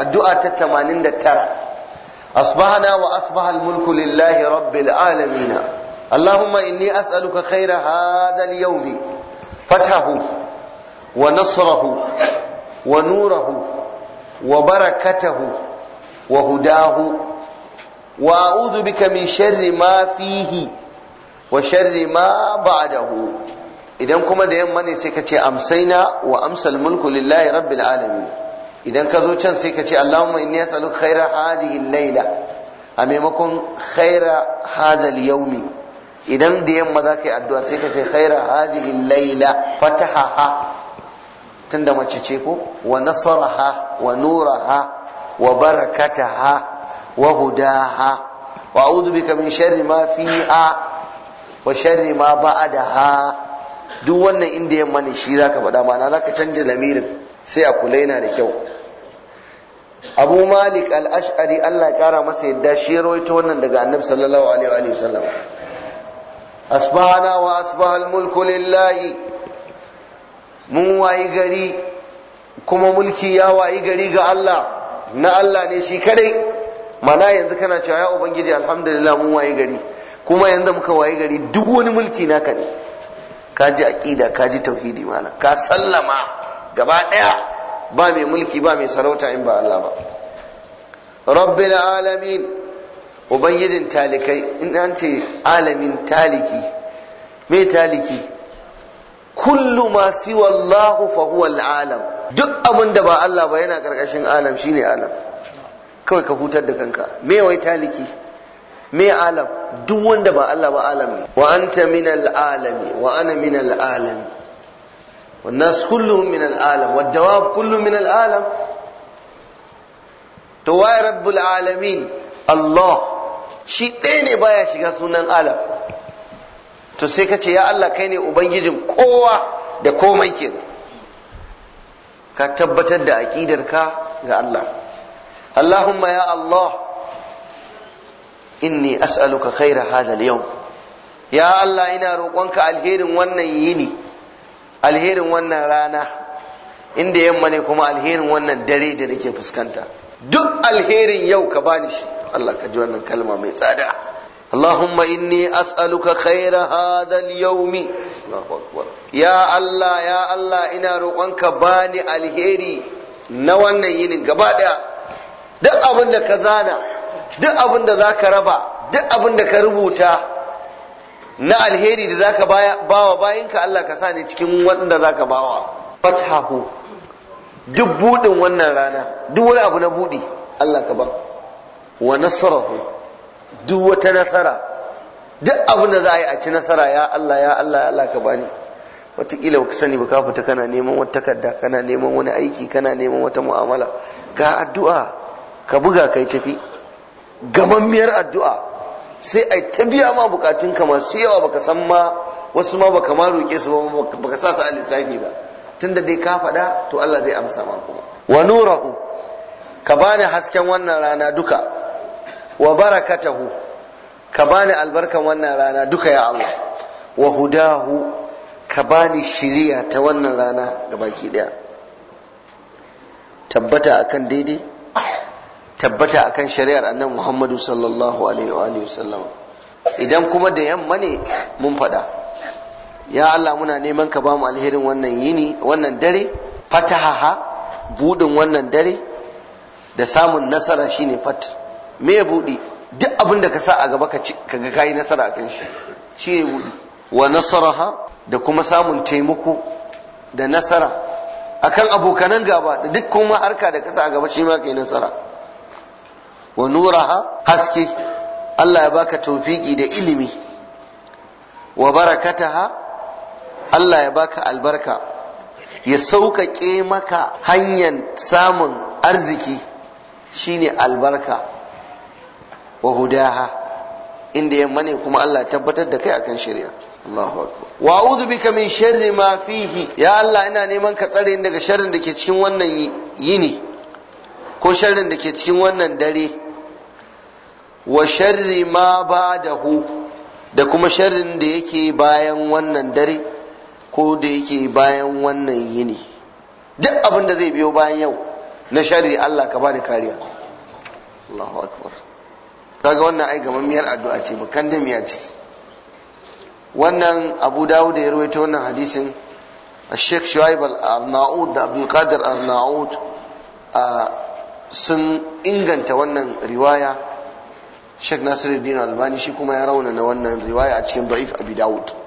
addu'a ta tamanin da tara. asbahana wa asbahal mulku lillahi rabbil alamin allahumma inni as'aluka khaira hadal yau ne. fatahu wa nasrahu wa nurahu wa barakatahu wa hudahu wa a'udhu min sharri ma fihi wa sharri ma ba'dahu idan kuma da yamma ne sai ka ce amsaina wa amsal mulku lillahi rabbil alamin idan ka zo can sai ka ce Allahumma inni as'aluka khaira hadhihi laila a maimakon khaira hadal al idan da yamma za ka yi addu'ar sai ka ce khaira hadhihi Fataha ha, tun da mace ce ko wa nasaraha wa ha, wa barakataha wa hudaha wa a'udhu bika min sharri ma wa sharri ma ba'daha duk wannan inda yamma ne shi zaka faɗa ma'ana zaka canja lamirin sai a kula yana da kyau abu malik al-ash'ari allah ya kara masa yadda shi rawaito wannan daga annabi sallallahu alaihi wa sallam asbahana wa asbaha al-mulku lillahi mun wayi gari kuma mulki ya wayi gari ga allah na allah ne shi kadai mana yanzu kana cewa ya ubangiji alhamdulillah mun wayi gari kuma yanzu muka wayi gari duk wani mulki naka ne ka ji aqida ka ji tauhidi mana ka sallama gaba ɗaya ba mai mulki ba mai sarauta in ba Allah ba rabbil alamin ubangijin talikai in an ce alamin taliki me taliki kullu ma siwa Allah fa huwa alam duk abin da ba Allah ba yana karkashin alam shine alam kawai ka hutar da kanka me wai taliki me alam duk wanda ba Allah ba alam ne wa anta minal alami wa ana minal alami والناس كلهم من العالم والدواب كلهم من to waye rabbul alamin Allah shi ɗaya ne baya shiga sunan alam to sai ka ce ya Allah kai ne ubangijin kowa da komai ke ka tabbatar da ka ga Allah Allahumma ya Allah inni as'alu ka kaira al yau. ya Allah ina rokonka alherin wannan yini alherin wannan rana inda yamma ne kuma alherin wannan dare da nake fuskanta duk alherin yau ka bani shi Allah ka ji wannan kalma mai tsada Allahumma inni as'aluka khaira hadha al-yawmi ya Allah ya Allah ina roƙonka bani alheri na wannan yinin gaba daya duk abinda ka zana duk abinda zaka raba duk abin da ka rubuta na alheri da zaka bawa bayinka Allah ka sa cikin wanda zaka bawa fathahu duk budin wannan rana duk wani abu na budi Allah ka ba wa nasarahu duk wata nasara duk abin da za a yi a ci nasara ya Allah ya Allah ya Allah ka bani wataƙila ka sani ba ka fita kana neman wata takarda kana neman wani aiki kana neman wata mu'amala ga addu'a ka buga kai tafi gamammiyar addu'a sai ai ta biya ma bukatun ka masu yawa baka san ma wasu ma baka ma roƙe su ba baka sa su a lissafi ba tunda dai ka faɗa to Allah zai amsa ma kuma wa nurahu ka bani hasken wannan rana duka wa barakatahu ka bani albarkan wannan rana duka ya Allah wa hudahu ka bani shiriya ta wannan rana ga baki daya tabbata akan daidai tabbata akan shari'ar annabi Muhammadu sallallahu alaihi wa alihi wasallam idan kuma da yamma ne mun faɗa ya Allah muna neman ka bamu alherin wannan yini wannan dare fatahaha budin wannan dare da samun nasara shine fat me ya budi duk abin da ka sa a gaba ka ga kai nasara akan shi shi ya budi wa nasaraha da kuma samun taimako da nasara akan abokanan gaba da duk kuma harka da ka sa a gaba shi ma kai nasara wa nuraha haske Allah ya baka tawfiki da ilimi wa barakataha Allah ya baka albarka ya sauƙaƙe maka hanyar samun arziki shine albarka wa hudaha inda ya mane kuma Allah tabbatar da kai akan shari'a Allahu akbar wa a'udhu bika min sharri ma fihi ya Allah ina neman ka tsare ni daga sharrin da ke cikin wannan yini ko sharrin da ke cikin wannan dare wa sharri ma ba'dahu da kuma sharrin da yake bayan wannan dare ko da yake bayan wannan yini duk abin da zai biyo bayan yau na sharri Allah ka bani kariya Allahu akbar kaga wannan ai gamammiyar addu'a ce mukaddamiya ce wannan Abu Dawud ya rawaito wannan hadisin Sheikh Shuaib al-Arnaud da Abdul Qadir al-Arnaud ah, sun inganta wannan riwaya Sheikh Nasiruddin Albani shi kuma ya rauna na wannan riwaya a cikin Da'if Abi Dawud